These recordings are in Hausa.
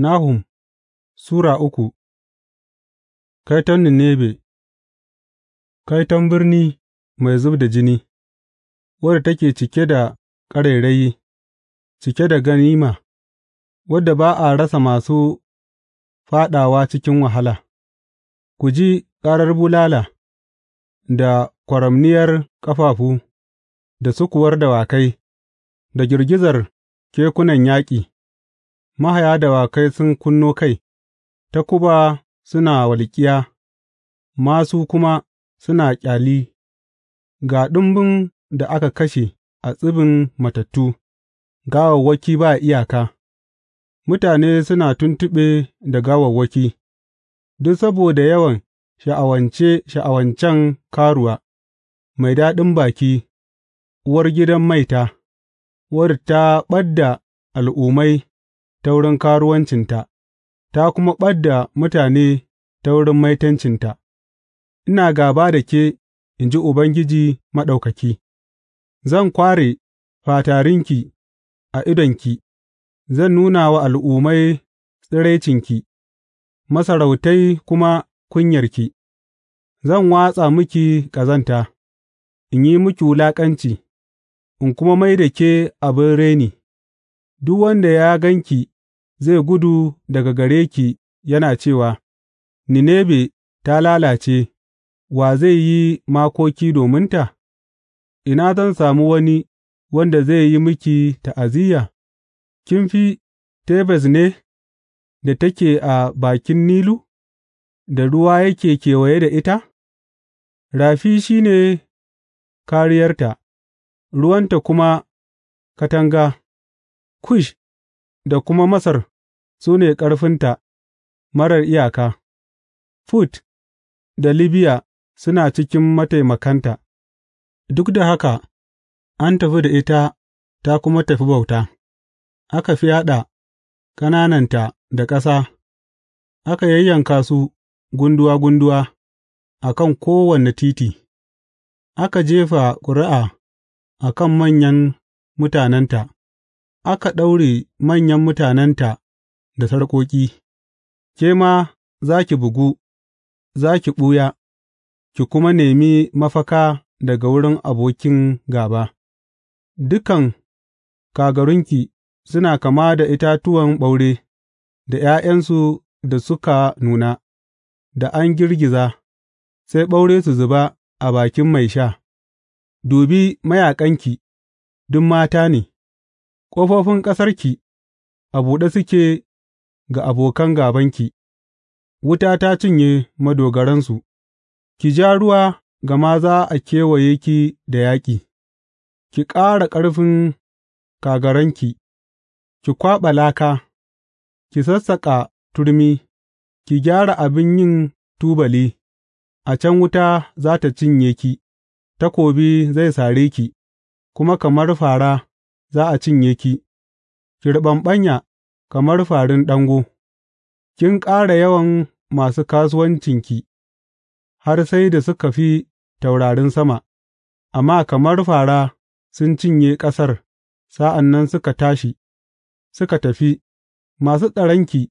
Nahum Sura uku Kaiton Ninebe Kaiton birni mai zub da jini, wadda take cike da ƙarairayi, cike da ganima, wadda ba a rasa masu fāɗawa cikin wahala, ku ji ƙarar bulala, da kwaramniyar ƙafafu, da sukuwar dawakai, da girgizar kekunan yaƙi. mahaya dawakai sun kunno kai, takuba suna walƙiya, masu kuma suna ƙyali, ga ɗumbun da aka kashe a tsibin matattu, gawawwaki ba iyaka, mutane suna tuntuɓe da gawawwaki, duk saboda yawan sha'awance sha'awancen karuwa, mai daɗin baki, uwar gidan maita, wadda ta ɓad da al'ummai. ta wurin karuwancinta ta kuma ɓad da mutane ta wurin maitancinta, ina gāba da ke, in ji Ubangiji Maɗaukaki, zan kware fatarinki a idonki, zan nuna wa al'ummai tsiraicinki, masarautai kuma kunyarki, zan watsa miki ƙazanta, in yi miki wulaƙanci, in kuma mai da ke abin reni, duk wanda ya gan ki zai gudu daga gare ki yana cewa, Ninebe ta lalace, wa zai yi makoki dominta? Ina zan sami wani wanda zai yi miki ta'aziyya? Kin fi Tebes ne da take a bakin Nilu, da ruwa yake kewaye da ita? Rafi shi ne kariyarta. ruwanta kuma katanga; Kush da kuma Masar su ne ƙarfinta marar iyaka; Fut da Libiya suna cikin mataimakanta, duk da haka an tafi da ita ta kuma tafi bauta, aka fi haɗa ƙanananta da ƙasa, aka yayyanka su gunduwa gunduwa a kan kowane titi, aka jefa ƙuri'a a kan manyan mutanenta. aka daure manyan mutanenta da sarƙoƙi, ke ma za ki bugu, za ki ɓuya, ki kuma nemi mafaka daga wurin abokin gaba. dukan kagarunki suna kama da itatuwan ɓaure, da ’ya'yansu da suka nuna, da an girgiza, sai ɓaure su zuba a bakin mai sha; dubi mayaƙanki, duk mata ne. Ƙofofin ƙasarki a buɗe suke ga abokan gābanki; wuta ta cinye madogaransu, ki ja ruwa gama za a kewaye ki da yaƙi; ki ƙara ƙarfin kagaranki, ki kwaɓa laka, ki sassaƙa turmi, ki gyara abin yin tubali, a can wuta za ta cinye ki, takobi zai sare ki, kuma kamar fara. za a cinye ki, ki riɓaɓɓanya kamar farin ɗango; kin ƙara yawan masu kasuwancinki har sai da suka fi taurarin sama, amma kamar fara sun cinye ƙasar sa'an nan suka tashi, suka tafi, masu tsaronki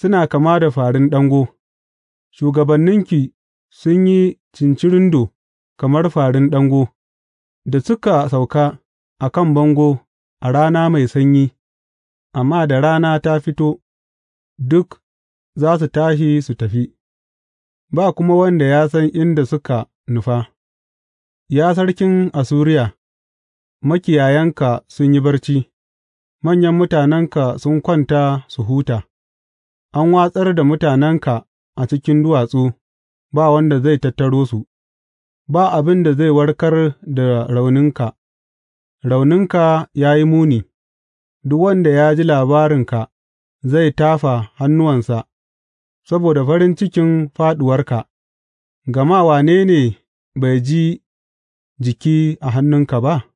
suna kama da farin ɗango, shugabanninki sun yi cincirindo kamar farin ɗango da suka sauka a kan bango. a rana mai sanyi, amma da rana ta fito, duk za su tashi su tafi, ba kuma wanda ya san inda suka nufa; Ya sarkin asuriya makiyayanka sun yi barci, manyan mutanenka sun kwanta su huta, an watsar da mutanenka a cikin duwatsu, ba wanda zai tattaro su, ba abin da zai warkar da rauninka. Rauninka ya yi muni; duk wanda ya ji labarinka zai tafa hannuwansa saboda farin cikin fāɗuwarka, gama wane ne bai ji jiki a hannunka ba?